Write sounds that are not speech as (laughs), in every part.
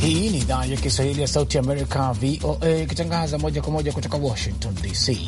Hii ni idhaa ya Kiswahili ya Sauti Amerika, VOA, ikitangaza moja kwa moja kutoka Washington DC.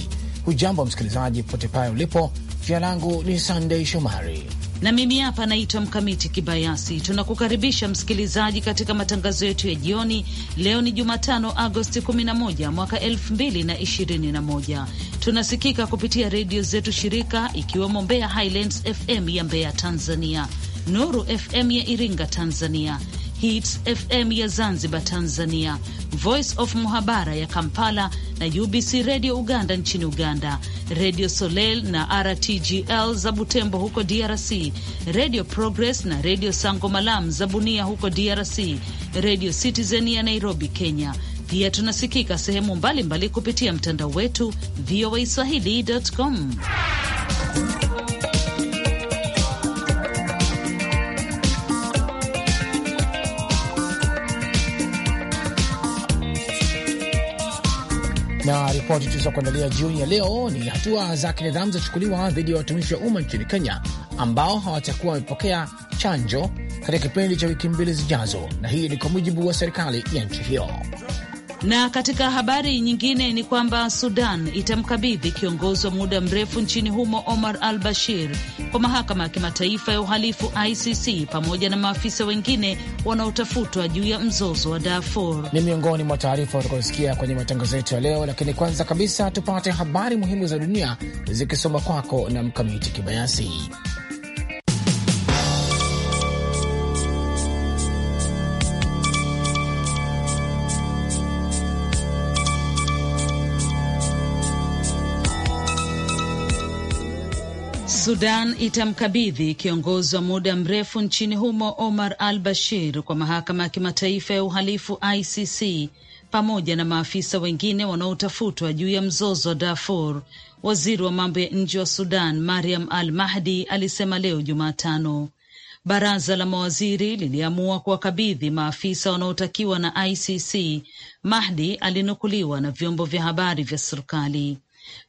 Hujambo msikilizaji, popote pale ulipo. Jina langu ni Sandei Shomari na mimi hapa naitwa Mkamiti Kibayasi. Tunakukaribisha msikilizaji katika matangazo yetu ya jioni. Leo ni Jumatano, Agosti 11 mwaka 2021. Tunasikika kupitia redio zetu shirika, ikiwemo Mbeya Highlands FM ya Mbeya Tanzania, Nuru FM ya Iringa Tanzania, Hits FM ya Zanzibar Tanzania, Voice of Muhabara ya Kampala na UBC Radio Uganda nchini Uganda, Radio Soleil na RTGL za Butembo huko DRC, Radio Progress na Radio Sango Malam za Bunia huko DRC, Radio Citizen ya Nairobi, Kenya. Pia tunasikika sehemu mbalimbali mbali kupitia mtandao wetu voaswahili.com. Na ripoti kuandalia jioni ya leo ni hatua za kinidhamu zachukuliwa dhidi ya watumishi wa umma nchini Kenya ambao hawatakuwa wamepokea chanjo katika kipindi cha wiki mbili zijazo, na hii ni kwa mujibu wa serikali ya nchi hiyo. Na katika habari nyingine ni kwamba Sudan itamkabidhi kiongozi wa muda mrefu nchini humo Omar al Bashir kwa mahakama ya kimataifa ya uhalifu ICC pamoja na maafisa wengine wanaotafutwa juu ya mzozo wa Darfur. Ni miongoni mwa taarifa utakayosikia kwenye matangazo yetu ya leo, lakini kwanza kabisa tupate habari muhimu za dunia zikisoma kwako na Mkamiti Kibayasi. Sudan itamkabidhi kiongozi wa muda mrefu nchini humo Omar al Bashir kwa mahakama ya kimataifa ya uhalifu ICC pamoja na maafisa wengine wanaotafutwa juu ya mzozo wa Darfur. Waziri wa mambo ya nje wa Sudan Mariam al Mahdi alisema leo Jumatano baraza la mawaziri liliamua kuwakabidhi maafisa wanaotakiwa na ICC. Mahdi alinukuliwa na vyombo vya habari vya serikali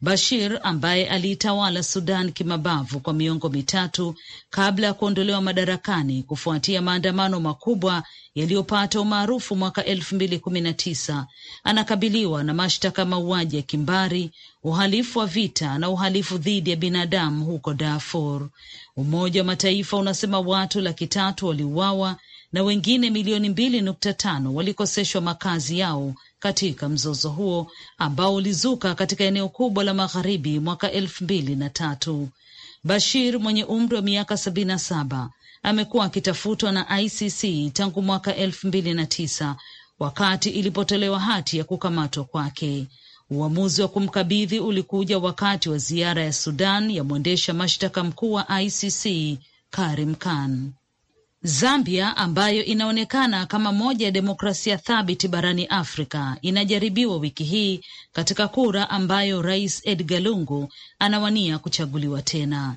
Bashir ambaye aliitawala Sudan kimabavu kwa miongo mitatu kabla ya kuondolewa madarakani kufuatia maandamano makubwa yaliyopata umaarufu mwaka elfu mbili kumi na tisa anakabiliwa na mashtaka mauaji ya kimbari, uhalifu wa vita na uhalifu dhidi ya binadamu huko Darfur. Umoja wa Mataifa unasema watu laki tatu waliuawa na wengine milioni mbili nukta tano walikoseshwa makazi yao katika mzozo huo ambao ulizuka katika eneo kubwa la magharibi mwaka elfu mbili na tatu. Bashir mwenye umri wa miaka sabini na saba amekuwa akitafutwa na ICC tangu mwaka elfu mbili na tisa wakati ilipotolewa hati ya kukamatwa kwake. Uamuzi wa kumkabidhi ulikuja wakati wa ziara ya Sudan ya mwendesha mashtaka mkuu wa ICC Karim Khan. Zambia ambayo inaonekana kama moja ya demokrasia thabiti barani Afrika inajaribiwa wiki hii katika kura ambayo Rais Edgar Lungu anawania kuchaguliwa tena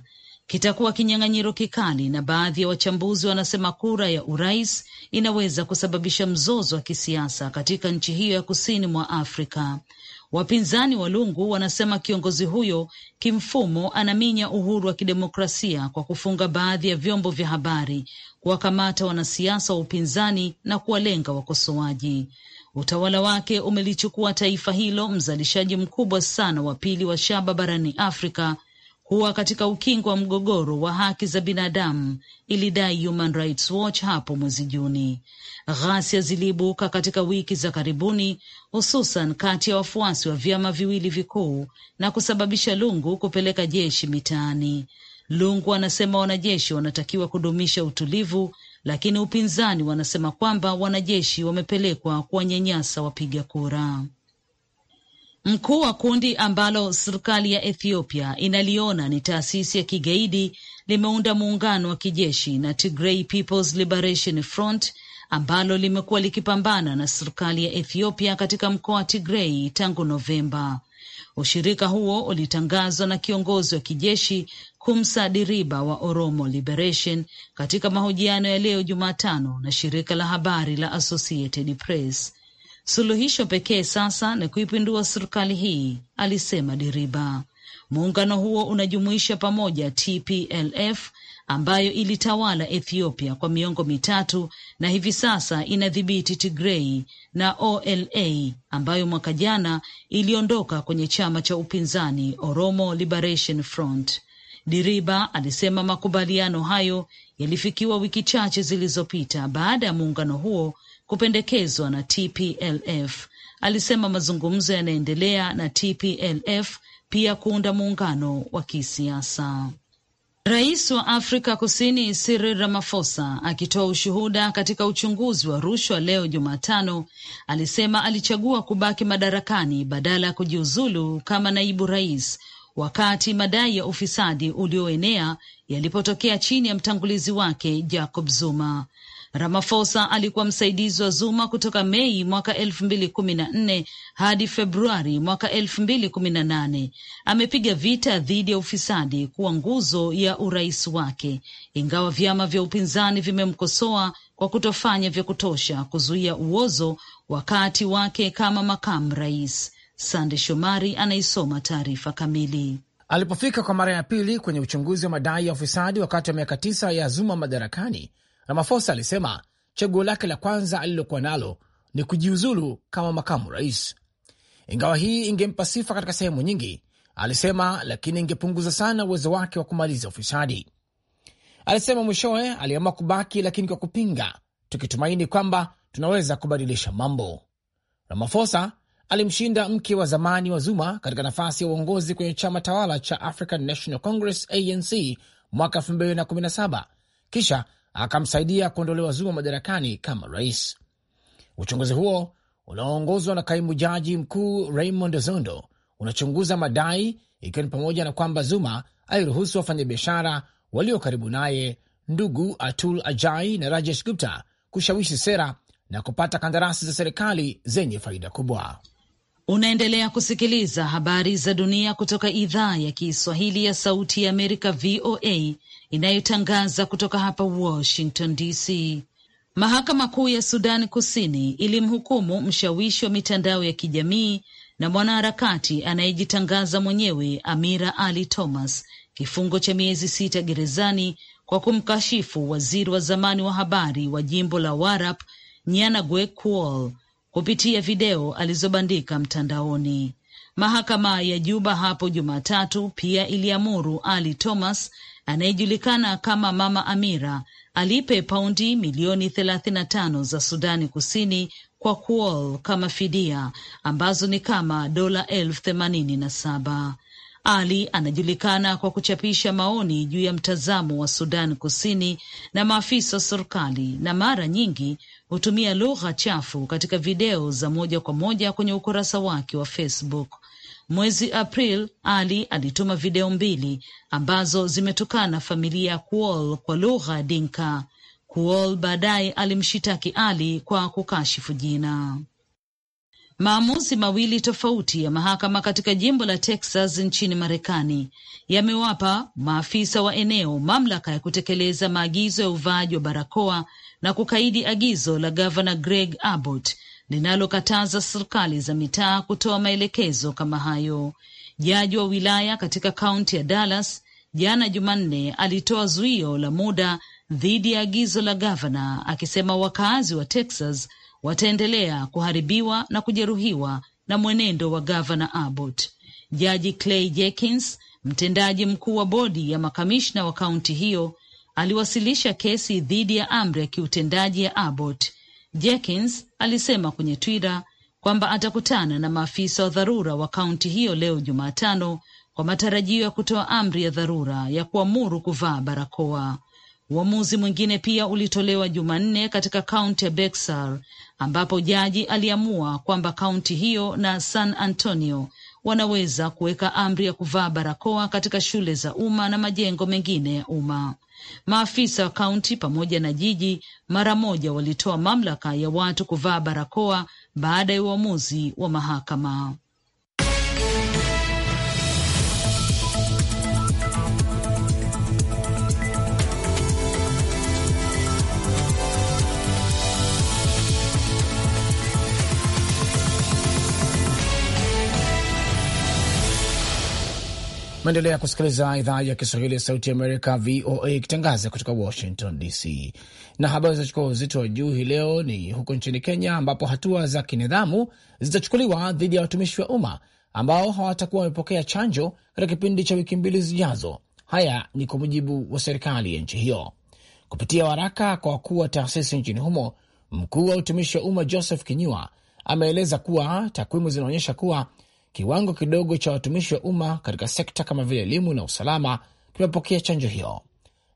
kitakuwa kinyang'anyiro kikali, na baadhi ya wa wachambuzi wanasema kura ya urais inaweza kusababisha mzozo wa kisiasa katika nchi hiyo ya kusini mwa Afrika. Wapinzani wa Lungu wanasema kiongozi huyo kimfumo anaminya uhuru wa kidemokrasia kwa kufunga baadhi ya vyombo vya habari, kuwakamata wanasiasa wa upinzani na kuwalenga wakosoaji. Utawala wake umelichukua taifa hilo, mzalishaji mkubwa sana wa pili wa shaba barani Afrika, huwa katika ukingo wa mgogoro wa haki za binadamu, ilidai Human Rights Watch hapo mwezi Juni. Ghasia ziliibuka katika wiki za karibuni, hususan kati ya wafuasi wa vyama viwili vikuu na kusababisha Lungu kupeleka jeshi mitaani. Lungu anasema wanajeshi wanatakiwa kudumisha utulivu, lakini upinzani wanasema kwamba wanajeshi wamepelekwa kuwanyanyasa wapiga kura. Mkuu wa kundi ambalo serikali ya Ethiopia inaliona ni taasisi ya kigaidi limeunda muungano wa kijeshi na Tigray People's Liberation Front ambalo limekuwa likipambana na serikali ya Ethiopia katika mkoa wa Tigray tangu Novemba. Ushirika huo ulitangazwa na kiongozi wa kijeshi Kumsa Diriba wa Oromo Liberation katika mahojiano ya leo Jumatano na shirika la habari la Associated Press. Suluhisho pekee sasa ni kuipindua serikali hii, alisema Diriba. Muungano huo unajumuisha pamoja TPLF ambayo ilitawala Ethiopia kwa miongo mitatu na hivi sasa inadhibiti Tigrei na OLA ambayo mwaka jana iliondoka kwenye chama cha upinzani Oromo Liberation Front. Diriba alisema makubaliano hayo yalifikiwa wiki chache zilizopita baada ya muungano huo kupendekezwa na TPLF. Alisema mazungumzo yanaendelea na TPLF pia kuunda muungano wa kisiasa. Rais wa Afrika Kusini Cyril Ramaphosa akitoa ushuhuda katika uchunguzi wa rushwa leo Jumatano alisema alichagua kubaki madarakani badala ya kujiuzulu kama naibu rais wakati madai ya ufisadi ulioenea yalipotokea chini ya mtangulizi wake Jacob Zuma ramafosa alikuwa msaidizi wa Zuma kutoka Mei mwaka elfu mbili kumi na nne hadi Februari mwaka elfu mbili kumi na nane. Amepiga vita dhidi ya ufisadi kuwa nguzo ya urais wake, ingawa vyama vya upinzani vimemkosoa kwa kutofanya vya kutosha kuzuia uozo wakati wake kama makamu rais. Sande Shomari anaisoma taarifa kamili. Alipofika kwa mara ya pili kwenye uchunguzi wa madai ya ufisadi wakati wa miaka tisa ya Zuma madarakani, ramafosa alisema chaguo lake la kwanza alilokuwa nalo ni kujiuzulu kama makamu rais. Ingawa hii ingempa sifa katika sehemu nyingi, alisema, lakini ingepunguza sana uwezo wake wa kumaliza ufisadi. Alisema mwishowe aliamua kubaki, lakini kwa kupinga, tukitumaini kwamba tunaweza kubadilisha mambo. ramafosa alimshinda mke wa zamani wa Zuma katika nafasi ya uongozi kwenye chama tawala cha African National Congress ANC mwaka 2017 kisha akamsaidia kuondolewa Zuma madarakani kama rais. Uchunguzi huo unaoongozwa na kaimu jaji mkuu Raymond Zondo unachunguza madai, ikiwa ni pamoja na kwamba Zuma aliruhusu wafanyabiashara walio karibu naye, ndugu Atul Ajai na Rajesh Gupta, kushawishi sera na kupata kandarasi za serikali zenye faida kubwa. Unaendelea kusikiliza habari za dunia kutoka idhaa ya Kiswahili ya Sauti ya Amerika, VOA, inayotangaza kutoka hapa Washington DC. Mahakama Kuu ya Sudani Kusini ilimhukumu mshawishi wa mitandao ya kijamii na mwanaharakati anayejitangaza mwenyewe Amira Ali Thomas kifungo cha miezi sita gerezani kwa kumkashifu waziri wa zamani wa habari wa jimbo la Warap Nyanagwe Kuol kupitia video alizobandika mtandaoni. Mahakama ya Juba hapo Jumatatu pia iliamuru Ali Thomas anayejulikana kama Mama Amira alipe paundi milioni thelathini na tano za Sudani Kusini kwa Kuol kama fidia ambazo ni kama dola elfu themanini na saba. Ali anajulikana kwa kuchapisha maoni juu ya mtazamo wa Sudan Kusini na maafisa wa serikali na mara nyingi hutumia lugha chafu katika video za moja kwa moja kwenye ukurasa wake wa Facebook. Mwezi April Ali alituma video mbili ambazo zimetokana familia ya Kuol kwa lugha Dinka. Kuol baadaye alimshitaki Ali kwa kukashifu jina. Maamuzi mawili tofauti ya mahakama katika jimbo la Texas nchini Marekani yamewapa maafisa wa eneo mamlaka ya kutekeleza maagizo ya uvaaji wa barakoa na kukaidi agizo la gavana Greg Abbott linalokataza serikali za mitaa kutoa maelekezo kama hayo. Jaji wa wilaya katika kaunti ya Dallas jana Jumanne alitoa zuio la muda dhidi ya agizo la gavana, akisema wakaazi wa Texas wataendelea kuharibiwa na kujeruhiwa na mwenendo wa gavana Abbott. Jaji Clay Jenkins, mtendaji mkuu wa bodi ya makamishna wa kaunti hiyo, aliwasilisha kesi dhidi ya amri ya kiutendaji ya Abbott. Jenkins alisema kwenye Twitter kwamba atakutana na maafisa wa dharura wa kaunti hiyo leo Jumatano kwa matarajio ya kutoa amri ya dharura ya kuamuru kuvaa barakoa. Uamuzi mwingine pia ulitolewa Jumanne katika kaunti ya Bexar ambapo jaji aliamua kwamba kaunti hiyo na San Antonio wanaweza kuweka amri ya kuvaa barakoa katika shule za umma na majengo mengine ya umma. Maafisa wa kaunti pamoja na jiji mara moja walitoa mamlaka ya watu kuvaa barakoa baada ya uamuzi wa mahakama. Maendelea kusikiliza idhaa ya Kiswahili ya Sauti ya Amerika, VOA, ikitangaza kutoka Washington DC. Na habari zitachukua uzito wa juu hii leo ni huko nchini Kenya, ambapo hatua za kinidhamu zitachukuliwa dhidi ya watumishi wa umma ambao hawatakuwa wamepokea chanjo katika kipindi cha wiki mbili zijazo. Haya ni kwa mujibu wa serikali ya nchi hiyo. Kupitia waraka kwa wakuu wa taasisi nchini humo, mkuu wa utumishi wa umma Joseph Kinyua ameeleza kuwa takwimu zinaonyesha kuwa kiwango kidogo cha watumishi wa umma katika sekta kama vile elimu na usalama kimepokea chanjo hiyo.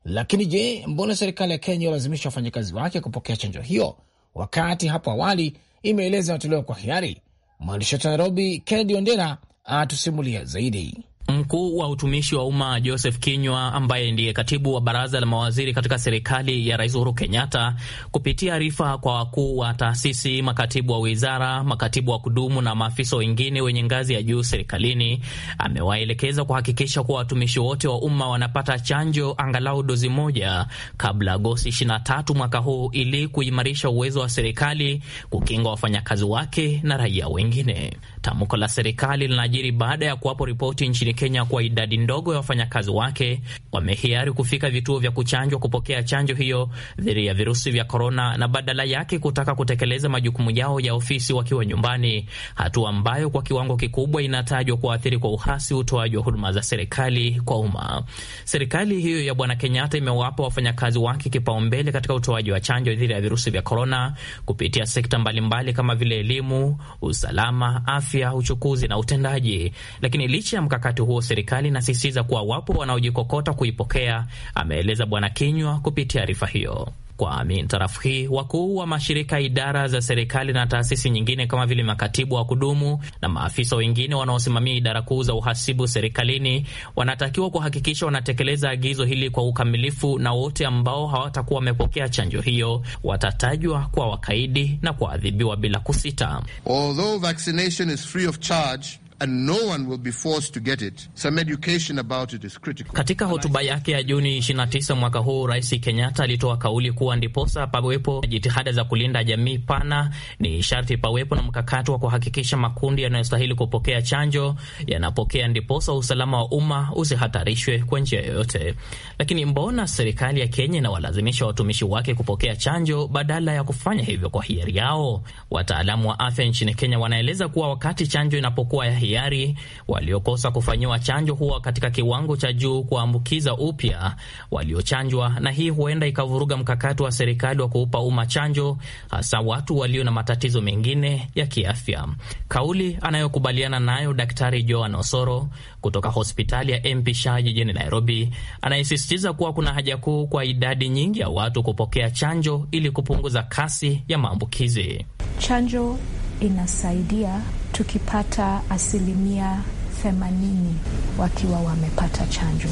Lakini je, mbona serikali ya Kenya walazimisha wafanyakazi wake kupokea chanjo hiyo wakati hapo awali imeeleza inatolewa kwa hiari? Mwandishi wetu wa Nairobi, Kennedy Ondera, atusimulia zaidi. Mkuu wa utumishi wa umma Joseph Kinywa, ambaye ndiye katibu wa baraza la mawaziri katika serikali ya Rais Uhuru Kenyatta, kupitia arifa kwa wakuu wa taasisi, makatibu wa wizara, makatibu wa kudumu na maafisa wengine wenye ngazi ya juu serikalini, amewaelekeza kuhakikisha kuwa watumishi wote wa umma wanapata chanjo angalau dozi moja kabla Agosti 23 mwaka huu, ili kuimarisha uwezo wa serikali kukinga wafanyakazi wake na raia wengine. Tamko la serikali linajiri baada ya kuwapo ripoti nchini Kenya kwa idadi ndogo ya wafanyakazi wake wamehiari kufika vituo vya kuchanjwa kupokea chanjo hiyo dhidi ya virusi vya korona, na badala yake kutaka kutekeleza majukumu yao ya ofisi wakiwa nyumbani, hatua ambayo kwa kiwango kikubwa inatajwa kuathiri kwa uhasi utoaji wa huduma za serikali kwa umma. Serikali hiyo ya Bwana Kenyatta imewapa wafanyakazi wake kipaumbele katika utoaji wa chanjo dhidi ya virusi vya korona kupitia sekta mbalimbali mbali kama vile elimu, usalama, afya, uchukuzi na utendaji. Lakini licha ya mkakati Wakati huo serikali inasisitiza kuwa wapo wanaojikokota kuipokea, ameeleza Bwana Kinywa kupitia arifa hiyo. Kwa mintarafu hii, wakuu wa mashirika, idara za serikali na taasisi nyingine kama vile makatibu wa kudumu na maafisa wengine wanaosimamia idara kuu za uhasibu serikalini wanatakiwa kuhakikisha wanatekeleza agizo hili kwa ukamilifu, na wote ambao hawatakuwa wamepokea chanjo hiyo watatajwa kwa wakaidi na kuadhibiwa bila kusita. Although vaccination is free of charge and no one will be forced to get it. Some education about it is critical. Katika hotuba yake ya Juni 29 mwaka huu, Rais Kenyatta alitoa kauli kuwa ndiposa pawepo jitihada za kulinda jamii pana, ni sharti pawepo na mkakati wa kuhakikisha makundi yanayostahili kupokea chanjo yanapokea, ndiposa usalama wa umma usihatarishwe kwa njia yoyote. Lakini mbona serikali ya Kenya inawalazimisha watumishi wake kupokea chanjo badala ya kufanya hivyo kwa hiari yao? Wataalamu wa afya nchini Kenya wanaeleza kuwa wakati chanjo inapokuwa ya tayari waliokosa kufanyiwa chanjo huwa katika kiwango cha juu kuambukiza upya waliochanjwa, na hii huenda ikavuruga mkakati wa serikali wa kuupa umma chanjo, hasa watu walio na matatizo mengine ya kiafya, kauli anayokubaliana nayo Daktari Joan Osoro kutoka hospitali ya MP Shah jijini Nairobi, anayesisitiza kuwa kuna haja kuu kwa idadi nyingi ya watu kupokea chanjo ili kupunguza kasi ya maambukizi. Chanjo inasaidia tukipata asilimia themanini wakiwa wamepata chanjo.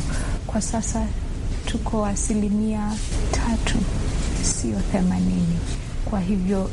Kwa sasa tuko asilimia tatu, sio themanini. Kwa hivyo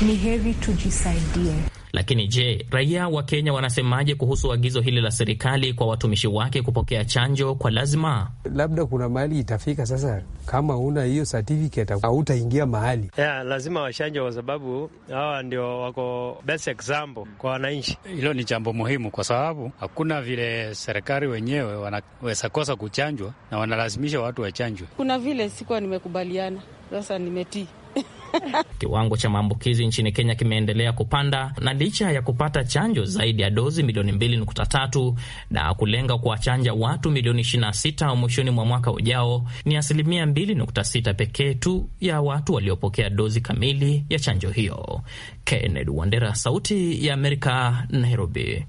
ni heri tujisaidie. Lakini je, raia wa Kenya wanasemaje kuhusu agizo hili la serikali kwa watumishi wake kupokea chanjo kwa lazima? Labda kuna mahali itafika sasa, kama una hiyo certificate hautaingia mahali yeah, lazima wachanjwe kwa sababu hawa ndio wako best example kwa wananchi. Hilo ni jambo muhimu, kwa sababu hakuna vile serikali wenyewe wanaweza kosa kuchanjwa na wanalazimisha watu wachanjwe. Kuna vile sikuwa nimekubaliana, sasa nimetii (laughs) Kiwango cha maambukizi nchini Kenya kimeendelea kupanda na licha ya kupata chanjo zaidi ya dozi milioni 2.3 na kulenga kuwachanja watu milioni 26 mwishoni mwa mwaka ujao, ni asilimia 2.6 pekee tu ya watu waliopokea dozi kamili ya chanjo hiyo. Kennedy Wandera, Sauti ya Amerika, Nairobi.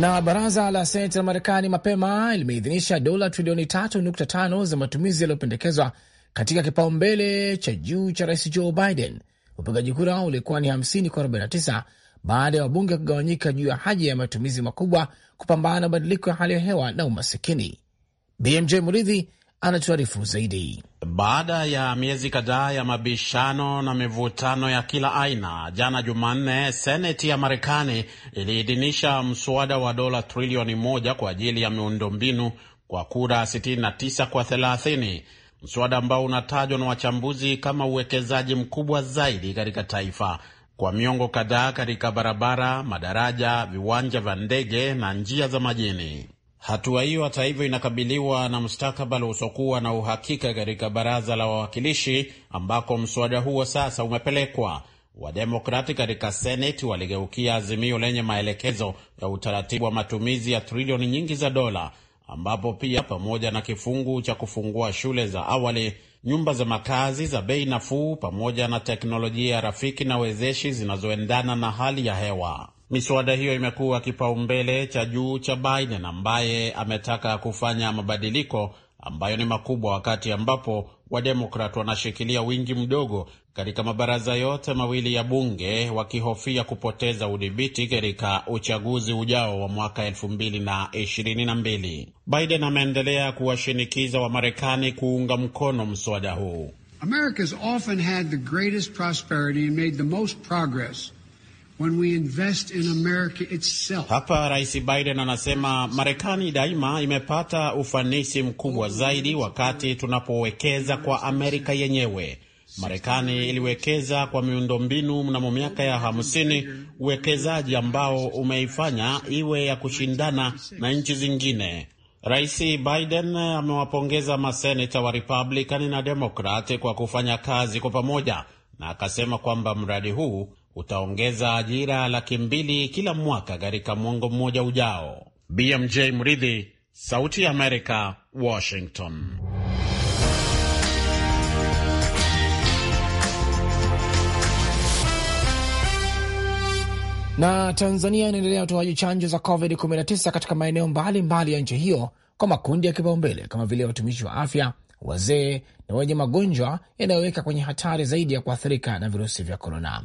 Na baraza la seneti la Marekani mapema limeidhinisha dola trilioni 3.5 za matumizi yaliyopendekezwa katika kipaumbele cha juu cha rais Joe Biden. Upigaji kura ulikuwa ni 50 kwa 49 baada ya wabunge kugawanyika juu ya haja ya matumizi makubwa kupambana na mabadiliko ya hali ya hewa na umasikini. BMJ Muridhi anatuarifu zaidi. Baada ya miezi kadhaa ya mabishano na mivutano ya kila aina, jana Jumanne, seneti ya Marekani iliidhinisha mswada wa dola trilioni moja kwa ajili ya miundombinu kwa kura 69 kwa 30, mswada ambao unatajwa na wachambuzi kama uwekezaji mkubwa zaidi katika taifa kwa miongo kadhaa katika barabara, madaraja, viwanja vya ndege na njia za majini. Hatua hiyo hata hivyo inakabiliwa na mustakabali usiokuwa na uhakika katika baraza la wawakilishi ambako mswada huo sasa umepelekwa. Wademokrati katika seneti waligeukia azimio lenye maelekezo ya utaratibu wa matumizi ya trilioni nyingi za dola, ambapo pia pamoja na kifungu cha kufungua shule za awali, nyumba za makazi za bei nafuu, pamoja na teknolojia rafiki na wezeshi zinazoendana na hali ya hewa. Miswada hiyo imekuwa kipaumbele cha juu cha Biden ambaye ametaka kufanya mabadiliko ambayo ni makubwa wakati ambapo Wademokrat wanashikilia wingi mdogo katika mabaraza yote mawili ya bunge wakihofia kupoteza udhibiti katika uchaguzi ujao wa mwaka 2022. Biden ameendelea kuwashinikiza Wamarekani kuunga mkono mswada huu. America has often had the greatest prosperity and made the most progress When we invest in America itself. Hapa Rais Biden anasema Marekani daima imepata ufanisi mkubwa zaidi wakati tunapowekeza kwa Amerika yenyewe. Marekani iliwekeza kwa miundombinu mnamo miaka ya hamsini, uwekezaji ambao umeifanya iwe ya kushindana na nchi zingine. Rais Biden amewapongeza maseneta wa Republican na Demokrat kwa kufanya kazi kwa pamoja na akasema kwamba mradi huu utaongeza ajira laki mbili kila mwaka katika mwongo mmoja ujao. BMJ Mridhi, Sauti ya Amerika, Washington. Na Tanzania inaendelea utoaji chanjo za COVID-19 katika maeneo mbalimbali ya nchi hiyo kwa makundi ya kipaumbele kama vile watumishi wa afya, wazee na wenye magonjwa yanayoweka kwenye hatari zaidi ya kuathirika na virusi vya korona.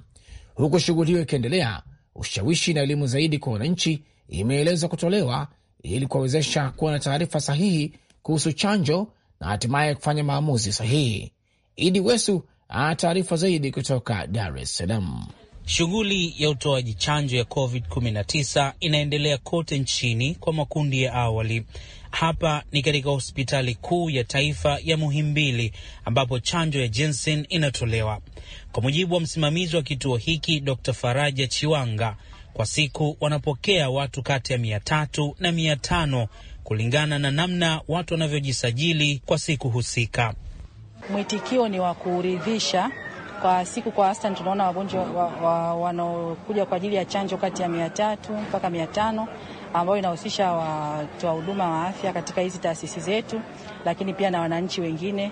Huku shughuli hiyo ikiendelea, ushawishi na elimu zaidi kwa wananchi imeelezwa kutolewa ili kuwawezesha kuwa na taarifa sahihi kuhusu chanjo na hatimaye kufanya maamuzi sahihi. Idi Wesu ana taarifa zaidi kutoka Dar es Salaam. Shughuli ya utoaji chanjo ya COVID-19 inaendelea kote nchini kwa makundi ya awali. Hapa ni katika hospitali kuu ya taifa ya Muhimbili ambapo chanjo ya Jensen inatolewa. Kwa mujibu wa msimamizi wa kituo hiki Dr. Faraja Chiwanga, kwa siku wanapokea watu kati ya mia tatu na mia tano kulingana na namna watu wanavyojisajili kwa siku husika. Mwitikio ni wa kuridhisha. Kwa siku kwa wastani tunaona wagonjwa wanaokuja wa, wa, kwa ajili ya chanjo kati ya mia tatu mpaka mia tano ambayo inahusisha watoa huduma wa afya katika hizi taasisi zetu, lakini pia na wananchi wengine,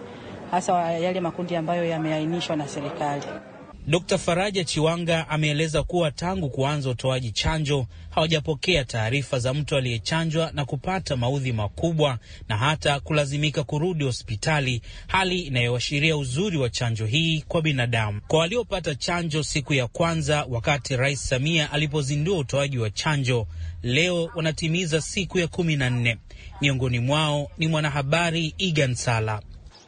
hasa yale makundi ambayo yameainishwa na serikali. Dr. Faraja Chiwanga ameeleza kuwa tangu kuanza utoaji chanjo hawajapokea taarifa za mtu aliyechanjwa na kupata maudhi makubwa na hata kulazimika kurudi hospitali, hali inayoashiria uzuri wa chanjo hii kwa binadamu. Kwa waliopata chanjo siku ya kwanza wakati Rais Samia alipozindua utoaji wa chanjo, leo wanatimiza siku ya kumi na nne. Miongoni mwao ni mwanahabari Igan Sala.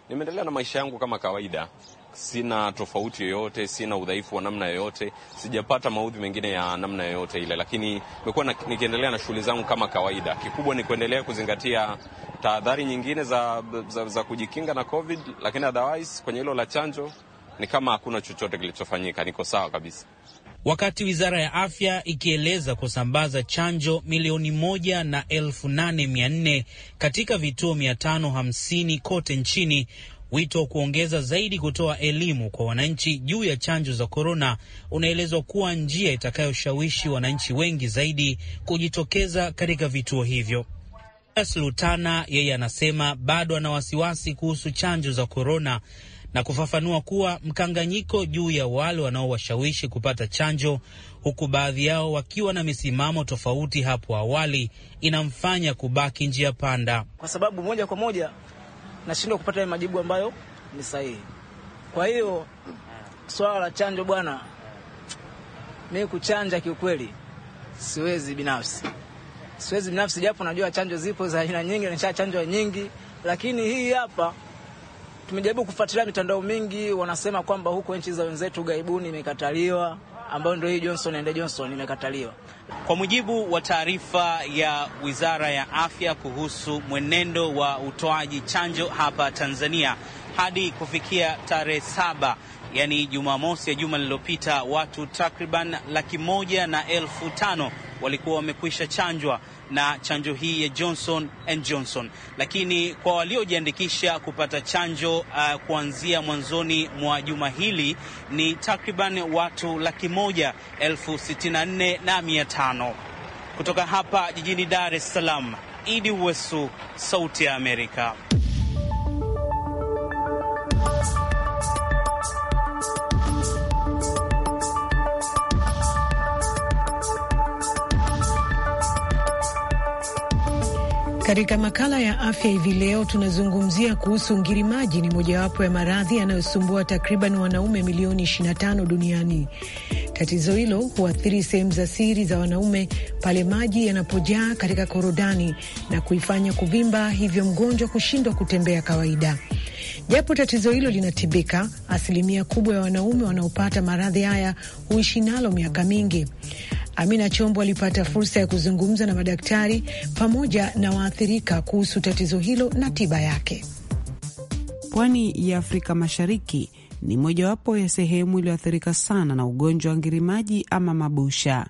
Nimeendelea na maisha yangu kama kawaida sina tofauti yoyote, sina udhaifu wa namna yoyote, sijapata maudhi mengine ya namna yoyote ile, lakini nimekuwa nikiendelea na shughuli zangu kama kawaida. Kikubwa ni kuendelea kuzingatia tahadhari nyingine za, za, za kujikinga na COVID, lakini otherwise kwenye hilo la chanjo ni kama hakuna chochote kilichofanyika, niko sawa kabisa. Wakati wizara ya afya ikieleza kusambaza chanjo milioni moja na elfu nane mia nne katika vituo mia tano hamsini kote nchini, Wito wa kuongeza zaidi kutoa elimu kwa wananchi juu ya chanjo za korona unaelezwa kuwa njia itakayoshawishi wananchi wengi zaidi kujitokeza katika vituo hivyo. Slutana yeye anasema bado ana wasiwasi kuhusu chanjo za korona na kufafanua kuwa mkanganyiko juu ya wale wanaowashawishi kupata chanjo, huku baadhi yao wakiwa na misimamo tofauti hapo awali, inamfanya kubaki njia panda, kwa sababu moja kwa moja nashindwa kupata majibu ambayo ni sahihi. Kwa hiyo swala la chanjo bwana, mi kuchanja kiukweli siwezi binafsi, siwezi binafsi, japo najua chanjo zipo za aina nyingi, nisha chanjo nyingi, lakini hii hapa tumejaribu kufuatilia mitandao mingi, wanasema kwamba huko nchi za wenzetu ughaibuni imekataliwa ambayo ndio hii Johnson and Johnson imekataliwa. Kwa mujibu wa taarifa ya Wizara ya Afya kuhusu mwenendo wa utoaji chanjo hapa Tanzania hadi kufikia tarehe saba yaani Jumamosi ya juma lililopita, watu takriban laki moja na elfu tano walikuwa wamekwisha chanjwa na chanjo hii ya Johnson and Johnson, lakini kwa waliojiandikisha kupata chanjo uh, kuanzia mwanzoni mwa juma hili ni takriban watu laki moja elfu sitini na nne na mia tano kutoka hapa jijini Dar es Salaam. Idi Wesu, Sauti ya Amerika. Katika makala ya afya hivi leo tunazungumzia kuhusu ngirimaji. Ni mojawapo ya maradhi yanayosumbua takriban wanaume milioni 25 duniani. Tatizo hilo huathiri sehemu za siri za wanaume pale maji yanapojaa katika korodani na kuifanya kuvimba, hivyo mgonjwa kushindwa kutembea kawaida. Japo tatizo hilo linatibika, asilimia kubwa ya wanaume wanaopata maradhi haya huishi nalo miaka mingi. Amina Chombo alipata fursa ya kuzungumza na madaktari pamoja na waathirika kuhusu tatizo hilo na tiba yake. Pwani ya Afrika Mashariki ni mojawapo ya sehemu iliyoathirika sana na ugonjwa wa ngirimaji ama mabusha.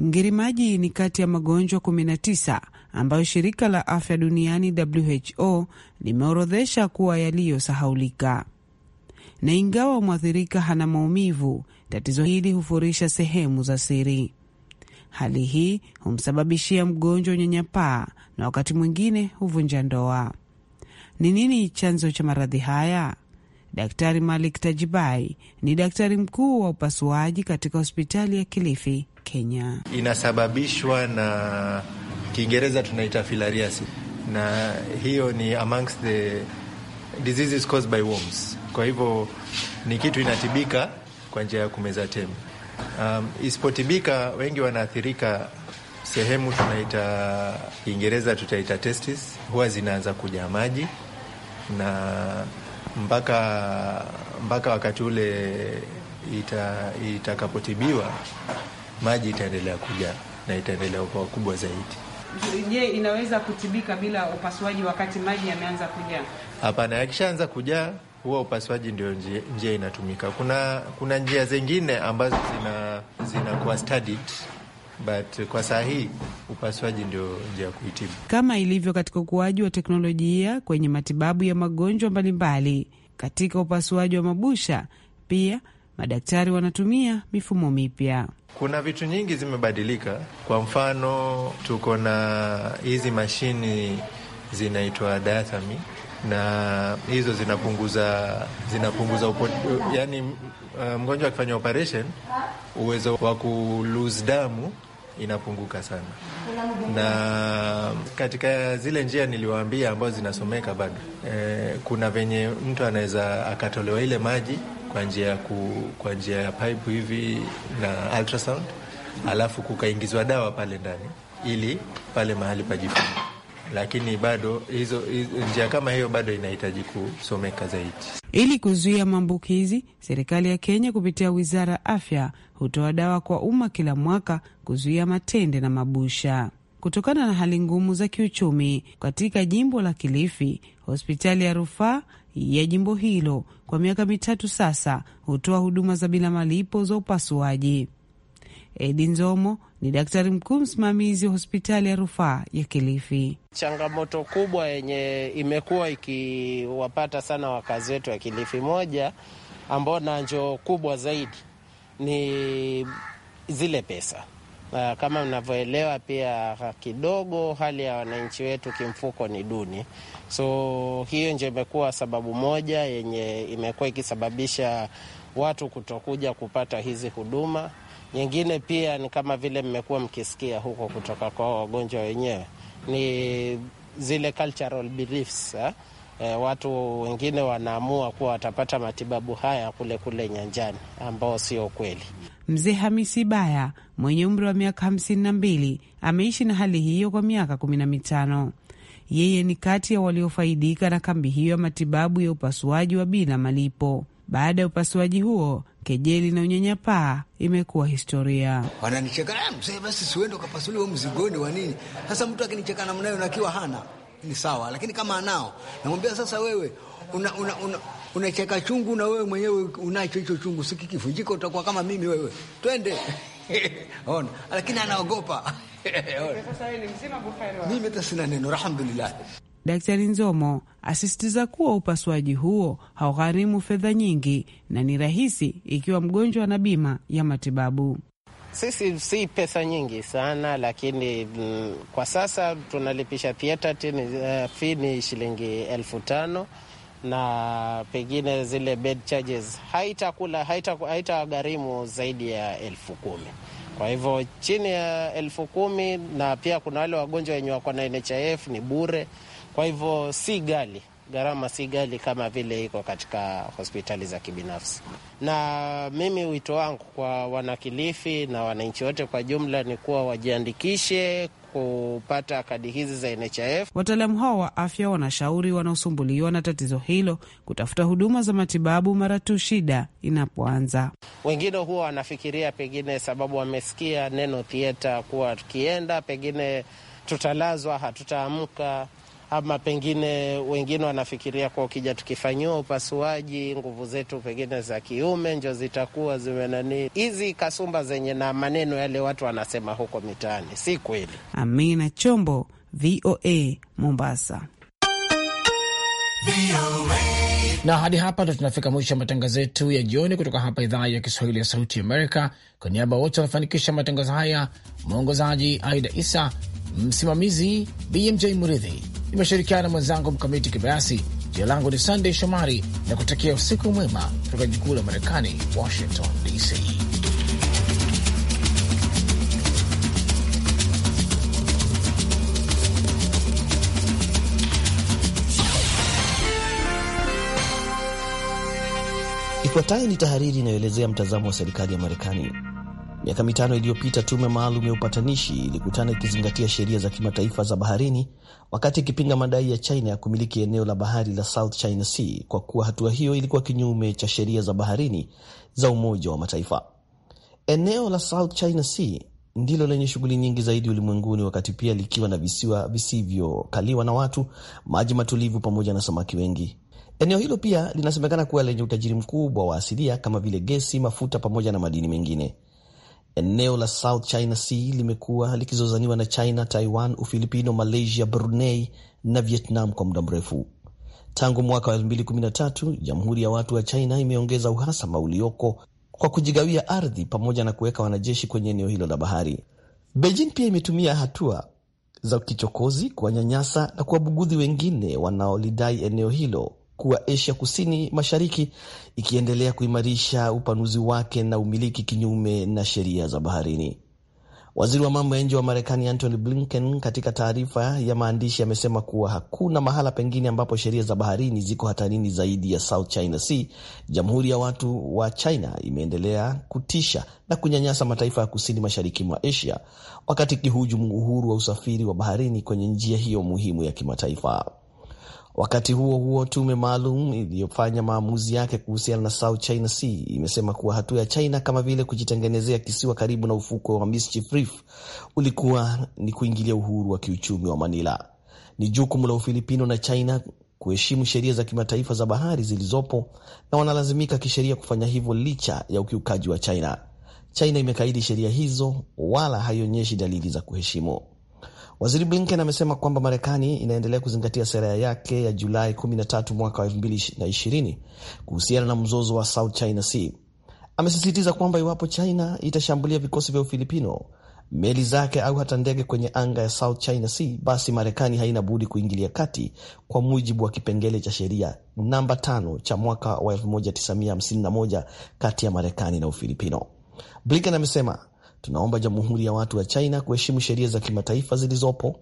Ngirimaji ni kati ya magonjwa 19 ambayo shirika la afya duniani WHO limeorodhesha kuwa yaliyosahaulika, na ingawa mwathirika hana maumivu Tatizo hili hufurisha sehemu za siri. Hali hii humsababishia mgonjwa unyanyapaa na wakati mwingine huvunja ndoa. Ni nini chanzo cha maradhi haya? Daktari Malik Tajibai ni daktari mkuu wa upasuaji katika hospitali ya Kilifi, Kenya. Inasababishwa na Kiingereza tunaita filariasi, na hiyo ni amongst the diseases caused by worms. Kwa hivyo ni kitu inatibika kwa njia ya kumeza tembe. Um, isipotibika wengi wanaathirika sehemu tunaita Kiingereza tutaita testis, huwa zinaanza kujaa maji na mpaka mpaka wakati ule ita, itakapotibiwa maji itaendelea kuja na itaendelea kuwa kubwa zaidi. Je, inaweza kutibika bila upasuaji wakati maji yameanza kujaa? Hapana, yakishaanza kujaa huwa upasuaji ndio njia, njia inatumika. Kuna, kuna njia zingine ambazo zinakuwa zina studied but kwa saa hii upasuaji ndio njia ya kuitibu. Kama ilivyo katika ukuaji wa teknolojia kwenye matibabu ya magonjwa mbalimbali, katika upasuaji wa mabusha pia madaktari wanatumia mifumo mipya. Kuna vitu nyingi zimebadilika. Kwa mfano, tuko na hizi mashini zinaitwa dathami na hizo zinapunguza zinapunguza upo, yani uh, mgonjwa akifanya operation uwezo wa lose damu inapunguka sana, na katika zile njia niliwaambia ambazo zinasomeka bado e, kuna venye mtu anaweza akatolewa ile maji kwa njia ya kwa njia ya pipe hivi na ultrasound, alafu kukaingizwa dawa pale ndani ili pale mahali pajifunga lakini bado hizo, hizo njia kama hiyo bado inahitaji kusomeka zaidi. Ili kuzuia maambukizi, serikali ya Kenya kupitia wizara ya afya hutoa dawa kwa umma kila mwaka kuzuia matende na mabusha. Kutokana na hali ngumu za kiuchumi katika jimbo la Kilifi, hospitali ya rufaa ya jimbo hilo kwa miaka mitatu sasa hutoa huduma za bila malipo za upasuaji. Edi Nzomo ni daktari mkuu msimamizi wa hospitali ya rufaa ya Kilifi. Changamoto kubwa yenye imekuwa ikiwapata sana wakazi wetu wa Kilifi, moja ambao na njo kubwa zaidi ni zile pesa kama mnavyoelewa pia kidogo hali ya wananchi wetu kimfuko ni duni, so hiyo ndio imekuwa sababu moja yenye imekuwa ikisababisha watu kutokuja kupata hizi huduma. Nyingine pia ni kama vile mmekuwa mkisikia huko kutoka kwa wagonjwa wenyewe ni zile cultural beliefs eh? Eh, watu wengine wanaamua kuwa watapata matibabu haya kule kule nyanjani ambao sio kweli. Mzee Hamisi Baya mwenye umri wa miaka hamsini na mbili ameishi na hali hiyo kwa miaka kumi na mitano. Yeye ni kati ya waliofaidika na kambi hiyo ya matibabu ya upasuaji wa bila malipo. Baada ya upasuaji huo, kejeli na unyanyapaa imekuwa historia. Wananicheka eh, mzee, basi siwende ukapasuliwa mzigoni wa nini? Sasa mtu akinicheka namnayo nakiwa hana ni sawa, lakini kama anao namwambia sasa, wewe una, una, una unacheka chungu na wewe mwenyewe unacho hicho chungu, sikikivunjika utakuwa kama mimi wewe, twende (laughs) ona. Lakini anaogopa (laughs) mimi hata sina neno, alhamdulillah. Daktari Nzomo asisitiza kuwa upasuaji huo haugharimu fedha nyingi na ni rahisi ikiwa mgonjwa na bima ya matibabu. Sisi si pesa nyingi sana, lakini m, mm, kwa sasa tunalipisha theatre uh, eh, fi ni shilingi elfu tano na pengine zile bed charges haitakula haitagharimu haita zaidi ya elfu kumi kwa hivyo chini ya elfu kumi na pia kuna wale wagonjwa wenye wako na NHIF ni bure. Kwa hivyo si ghali, gharama si ghali kama vile iko katika hospitali za kibinafsi. Na mimi wito wangu kwa wanakilifi na wananchi wote kwa jumla ni kuwa wajiandikishe kupata kadi hizi za NHIF. Wataalamu hao wa afya wanashauri wanaosumbuliwa na tatizo hilo kutafuta huduma za matibabu mara tu shida inapoanza. Wengine huwa wanafikiria pengine sababu wamesikia neno thieta kuwa tukienda pengine tutalazwa, hatutaamka ama pengine wengine wanafikiria kwa ukija tukifanyiwa upasuaji nguvu zetu pengine za kiume ndio zitakuwa zimenani. Hizi kasumba zenye na maneno yale watu wanasema huko mitaani si kweli. Amina Chombo, VOA Mombasa. Na hadi hapa ndo tunafika mwisho wa matangazo yetu ya jioni kutoka hapa idhaa ya Kiswahili ya Sauti Amerika. Kwa niaba wote wanafanikisha matangazo haya, mwongozaji Aida Isa, msimamizi BMJ Muridhi. Nimeshirikiana na mwenzangu Mkamiti Kibayasi. Jina langu ni Sandey Shomari na kutakia usiku mwema kutoka jikuu la Marekani, Washington DC. Ifuatayo ni tahariri inayoelezea mtazamo wa serikali ya Marekani. Miaka mitano iliyopita tume maalum ya upatanishi ilikutana ikizingatia sheria za kimataifa za baharini, wakati ikipinga madai ya China ya kumiliki eneo la bahari la South China Sea kwa kuwa hatua hiyo ilikuwa kinyume cha sheria za baharini za Umoja wa Mataifa. Eneo la South China Sea ndilo lenye shughuli nyingi zaidi ulimwenguni, wakati pia likiwa na visiwa visivyokaliwa na watu, maji matulivu, pamoja na samaki wengi. Eneo hilo pia linasemekana kuwa lenye utajiri mkubwa wa asilia kama vile gesi, mafuta pamoja na madini mengine. Eneo la South China Sea limekuwa likizozaniwa na China, Taiwan, Ufilipino, Malaysia, Brunei na Vietnam kwa muda mrefu. Tangu mwaka wa 2013 Jamhuri ya Watu wa China imeongeza uhasama ulioko kwa kujigawia ardhi pamoja na kuweka wanajeshi kwenye eneo hilo la bahari. Beijing pia imetumia hatua za kichokozi kuwanyanyasa na kuwabugudhi wengine wanaolidai eneo hilo kuwa Asia Kusini Mashariki ikiendelea kuimarisha upanuzi wake na umiliki kinyume na sheria za baharini. Waziri wa mambo ya nje wa Marekani Antony Blinken katika taarifa ya maandishi amesema kuwa hakuna mahala pengine ambapo sheria za baharini ziko hatarini zaidi ya South China Sea. Jamhuri ya Watu wa China imeendelea kutisha na kunyanyasa mataifa ya kusini mashariki mwa Asia wakati ikihujumu uhuru wa usafiri wa baharini kwenye njia hiyo muhimu ya kimataifa. Wakati huo huo, tume maalum iliyofanya maamuzi yake kuhusiana na South China Sea imesema kuwa hatua ya China kama vile kujitengenezea kisiwa karibu na ufukwe wa Mischief Reef ulikuwa ni kuingilia uhuru wa kiuchumi wa Manila. Ni jukumu la Ufilipino na China kuheshimu sheria za kimataifa za bahari zilizopo na wanalazimika kisheria kufanya hivyo licha ya ukiukaji wa China. China imekaidi sheria hizo wala haionyeshi dalili za kuheshimu. Waziri Blinken amesema kwamba Marekani inaendelea kuzingatia sera yake ya Julai 13 mwaka wa 2020 kuhusiana na mzozo wa South China Sea. Amesisitiza kwamba iwapo China itashambulia vikosi vya Ufilipino, meli zake au hata ndege kwenye anga ya South China Sea, basi Marekani haina budi kuingilia kati kwa mujibu wa kipengele cha sheria namba 5 cha mwaka wa 1951 kati ya Marekani na Ufilipino. Blinken amesema Tunaomba Jamhuri ya Watu wa China kuheshimu sheria za kimataifa zilizopo,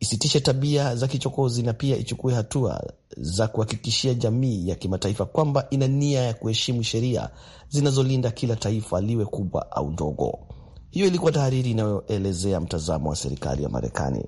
isitishe tabia za kichokozi na pia ichukue hatua za kuhakikishia jamii ya kimataifa kwamba ina nia ya kuheshimu sheria zinazolinda kila taifa liwe kubwa au ndogo. Hiyo ilikuwa tahariri inayoelezea mtazamo wa serikali ya Marekani.